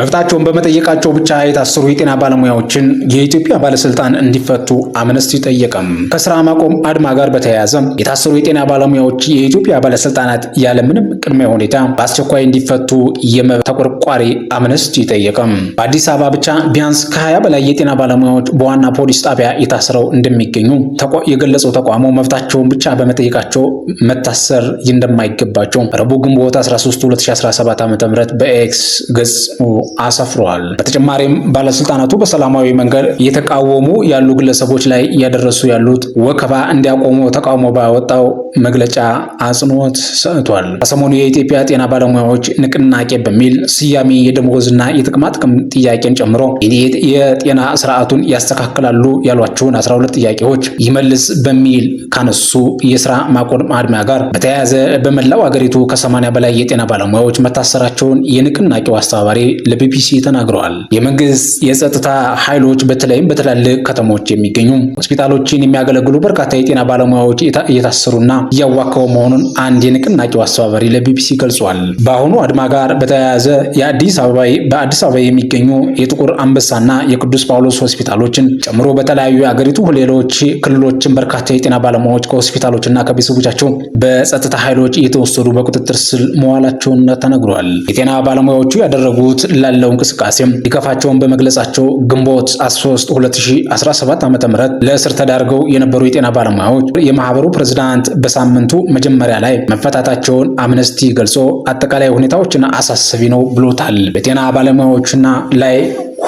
መብታቸውን በመጠየቃቸው ብቻ የታሰሩ የጤና ባለሙያዎችን የኢትዮጵያ ባለስልጣን እንዲፈቱ አምነስቲ ጠየቀም። ከስራ ማቆም አድማ ጋር በተያያዘ የታሰሩ የጤና ባለሙያዎች የኢትዮጵያ ባለስልጣናት ያለምንም ቅድመ ሁኔታ በአስቸኳይ እንዲፈቱ የመብት ተቆርቋሪ አምነስቲ ጠየቀም። በአዲስ አበባ ብቻ ቢያንስ ከ20 በላይ የጤና ባለሙያዎች በዋና ፖሊስ ጣቢያ የታስረው እንደሚገኙ የገለጸው ተቋሙ መብታቸውን ብቻ በመጠየቃቸው መታሰር እንደማይገባቸው ረቡዕ ግንቦት 13 2017 ም በኤክስ ገጽ አሰፍረዋል። በተጨማሪም ባለስልጣናቱ በሰላማዊ መንገድ እየተቃወሙ ያሉ ግለሰቦች ላይ እያደረሱ ያሉት ወከባ እንዲያቆሙ ተቃውሞ ባወጣው መግለጫ አጽንኦት ሰጥቷል። ከሰሞኑ የኢትዮጵያ ጤና ባለሙያዎች ንቅናቄ በሚል ስያሜ የደሞዝና የጥቅማጥቅም ጥያቄን ጨምሮ የጤና ስርዓቱን ያስተካክላሉ ያሏቸውን 12 ጥያቄዎች ይመልስ በሚል ካነሱ የስራ ማቆም አድማ ጋር በተያያዘ በመላው አገሪቱ ከ80 በላይ የጤና ባለሙያዎች መታሰራቸውን የንቅናቄው አስተባባሪ ለቢቢሲ ተናግረዋል። የመንግስት የጸጥታ ኃይሎች በተለይም በትላልቅ ከተሞች የሚገኙ ሆስፒታሎችን የሚያገለግሉ በርካታ የጤና ባለሙያዎች እየታሰሩና እያዋከው መሆኑን አንድ የንቅናቄው አስተባባሪ ለቢቢሲ ገልጿል። በአሁኑ አድማ ጋር በተያያዘ የአዲስ አበባ በአዲስ አበባ የሚገኙ የጥቁር አንበሳና የቅዱስ ጳውሎስ ሆስፒታሎችን ጨምሮ በተለያዩ የአገሪቱ ሌሎች ክልሎችን በርካታ የጤና ባለሙያዎች ከሆስፒታሎችና ከቤተሰቦቻቸው በጸጥታ ኃይሎች እየተወሰዱ በቁጥጥር ስር መዋላቸውን ተነግሯል። የጤና ባለሙያዎቹ ያደረጉት ላለው እንቅስቃሴም ሊከፋቸውን በመግለጻቸው ግንቦት 3 2017 ዓ ም ለእስር ተዳርገው የነበሩ የጤና ባለሙያዎች የማህበሩ ፕሬዝዳንት በሳምንቱ መጀመሪያ ላይ መፈታታቸውን አምነስቲ ገልጾ አጠቃላይ ሁኔታዎችን አሳሳቢ ነው ብሎታል። በጤና ባለሙያዎችና ላይ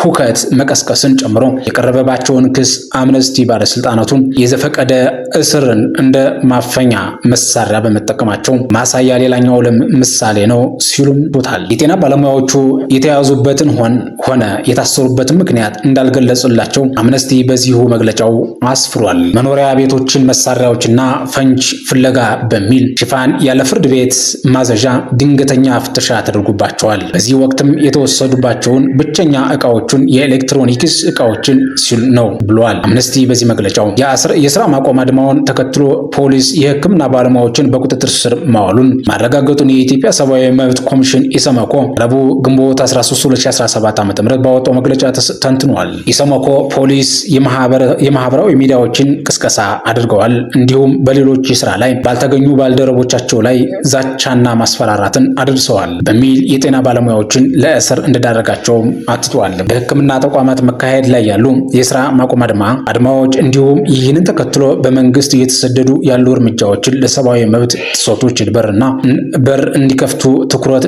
ሁከት መቀስቀስን ጨምሮ የቀረበባቸውን ክስ አምነስቲ ባለስልጣናቱ የዘፈቀደ እስርን እንደ ማፈኛ መሳሪያ በመጠቀማቸው ማሳያ ሌላኛው ለም ምሳሌ ነው ሲሉም ቦታል። የጤና ባለሙያዎቹ የተያዙበትን ሆነ የታሰሩበትን ምክንያት እንዳልገለጹላቸው አምነስቲ በዚሁ መግለጫው አስፍሯል። መኖሪያ ቤቶችን መሳሪያዎችና ፈንጅ ፍለጋ በሚል ሽፋን ያለ ፍርድ ቤት ማዘዣ ድንገተኛ ፍተሻ ተደርጎባቸዋል። በዚህ ወቅትም የተወሰዱባቸውን ብቸኛ እቃዎች እቃዎቹን የኤሌክትሮኒክስ እቃዎችን ሲል ነው ብለዋል። አምነስቲ በዚህ መግለጫው የስራ ማቆም አድማውን ተከትሎ ፖሊስ የህክምና ባለሙያዎችን በቁጥጥር ስር ማዋሉን ማረጋገጡን የኢትዮጵያ ሰብአዊ መብት ኮሚሽን ኢሰመኮ ረቡዕ ግንቦት 13 2017 ዓ ም ባወጣው መግለጫ ተንትኗል። ኢሰመኮ ፖሊስ የማህበራዊ ሚዲያዎችን ቅስቀሳ አድርገዋል፣ እንዲሁም በሌሎች ስራ ላይ ባልተገኙ ባልደረቦቻቸው ላይ ዛቻና ማስፈራራትን አድርሰዋል በሚል የጤና ባለሙያዎችን ለእስር እንደዳረጋቸውም አትቷል። የህክምና ተቋማት መካሄድ ላይ ያሉ የስራ ማቆም አድማ አድማዎች እንዲሁም ይህንን ተከትሎ በመንግስት እየተሰደዱ ያሉ እርምጃዎችን ለሰብአዊ መብት ጥሰቶችን በርና በር እንዲከፍቱ ትኩረት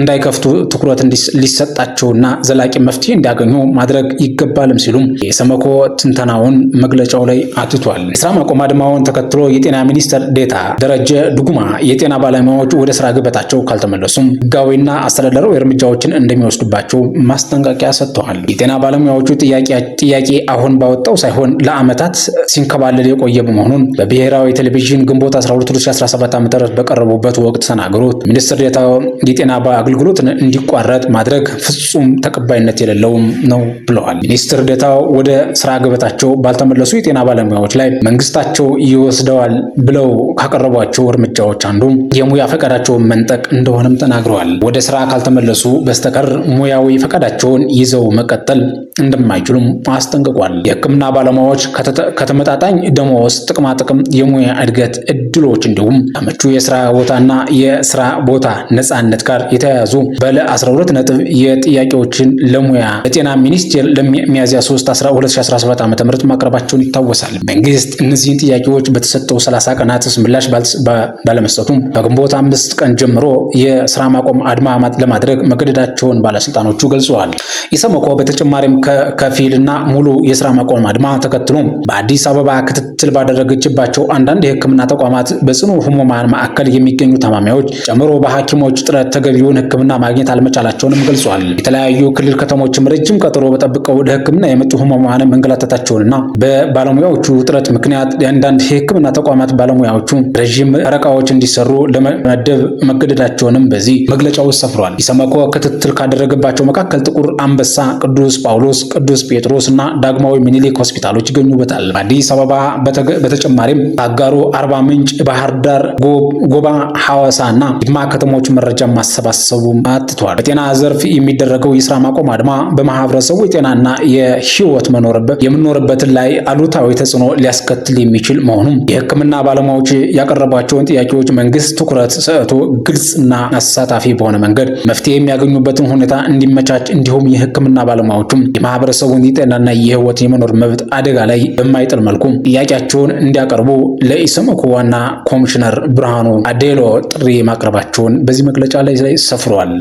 እንዳይከፍቱ ትኩረት ሊሰጣቸውና ዘላቂ መፍትሄ እንዲያገኙ ማድረግ ይገባልም ሲሉም የሰመኮ ትንተናውን መግለጫው ላይ አትቷል። የስራ ማቆም አድማውን ተከትሎ የጤና ሚኒስትር ዴታ ደረጀ ዱጉማ የጤና ባለሙያዎች ወደ ስራ ገበታቸው ካልተመለሱም ህጋዊና አስተዳደራዊ እርምጃዎችን እንደሚወስዱባቸው ማስጠንቀቂያ ሰጥተዋል። ገልጸዋል። የጤና ባለሙያዎቹ ጥያቄ አሁን ባወጣው ሳይሆን ለዓመታት ሲንከባለል የቆየ መሆኑን በብሔራዊ ቴሌቪዥን ግንቦት 12 2017 ዓ ም በቀረቡበት ወቅት ተናግሮ ሚኒስትር ዴኤታ የጤና አገልግሎት እንዲቋረጥ ማድረግ ፍጹም ተቀባይነት የሌለውም ነው ብለዋል። ሚኒስትር ዴኤታ ወደ ስራ ገበታቸው ባልተመለሱ የጤና ባለሙያዎች ላይ መንግስታቸው ይወስደዋል ብለው ካቀረቧቸው እርምጃዎች አንዱ የሙያ ፈቃዳቸውን መንጠቅ እንደሆነም ተናግረዋል። ወደ ስራ ካልተመለሱ በስተቀር ሙያዊ ፈቃዳቸውን ይዘው መቀጠል እንደማይችሉም አስጠንቅቋል። የህክምና ባለሙያዎች ከተመጣጣኝ ደሞዝ፣ ጥቅማጥቅም፣ የሙያ እድገት እድሎች እንዲሁም ከምቹ የስራ ቦታና የስራ ቦታ ነፃነት ጋር የተያያዙ ባለ 12 ነጥብ የጥያቄዎችን ለሙያ ለጤና ሚኒስቴር ለሚያዝያ 3 2017 ዓ ም ማቅረባቸውን ይታወሳል። መንግስት እነዚህን ጥያቄዎች በተሰጠው 30 ቀናት ምላሽ ባለመስጠቱም በግንቦት አምስት ቀን ጀምሮ የስራ ማቆም አድማ ለማድረግ መገደዳቸውን ባለስልጣኖቹ ገልጸዋል። ኢሰመኮ ተጠናቆ በተጨማሪም ከፊልና ሙሉ የስራ መቆም አድማ ተከትሎ በአዲስ አበባ ክትትል ባደረገችባቸው አንዳንድ የህክምና ተቋማት በጽኑ ህሙማን ማዕከል የሚገኙ ታማሚዎች ጨምሮ በሐኪሞች ጥረት ተገቢውን ህክምና ማግኘት አለመቻላቸውንም ገልጿል። የተለያዩ ክልል ከተሞችም ረጅም ቀጠሮ በጠብቀው ህክምና የመጡ ህሙማን መንገላታታቸውንና በባለሙያዎቹ ጥረት ምክንያት የአንዳንድ የህክምና ተቋማት ባለሙያዎቹ ረዥም ረቃዎች እንዲሰሩ ለመመደብ መገደዳቸውንም በዚህ መግለጫ ውስጥ ሰፍሯል። ኢሰመኮ ክትትል ካደረገባቸው መካከል ጥቁር አንበሳ ቅዱስ ጳውሎስ፣ ቅዱስ ጴጥሮስ እና ዳግማዊ ምኒልክ ሆስፒታሎች ይገኙበታል። በአዲስ አበባ በተጨማሪም አጋሮ፣ አርባ ምንጭ፣ ባህር ዳር፣ ጎባ፣ ሐዋሳ እና ጅማ ከተሞች መረጃ ማሰባሰቡ አትቷል። በጤና ዘርፍ የሚደረገው የስራ ማቆም አድማ በማህበረሰቡ የጤናና የህይወት የምኖርበትን ላይ አሉታዊ ተጽዕኖ ሊያስከትል የሚችል መሆኑም የህክምና ባለሙያዎች ያቀረቧቸውን ጥያቄዎች መንግስት ትኩረት ሰጥቶ ግልጽና አሳታፊ በሆነ መንገድ መፍትሄ የሚያገኙበትን ሁኔታ እንዲመቻች እንዲሁም የህክምና ። ባለሙያዎቹም የማህበረሰቡን የጤናና የህይወት የመኖር መብት አደጋ ላይ በማይጥል መልኩ ጥያቄያቸውን እንዲያቀርቡ ለኢሰመኮ ዋና ኮሚሽነር ብርሃኑ አዴሎ ጥሪ ማቅረባቸውን በዚህ መግለጫ ላይ ሰፍሯል።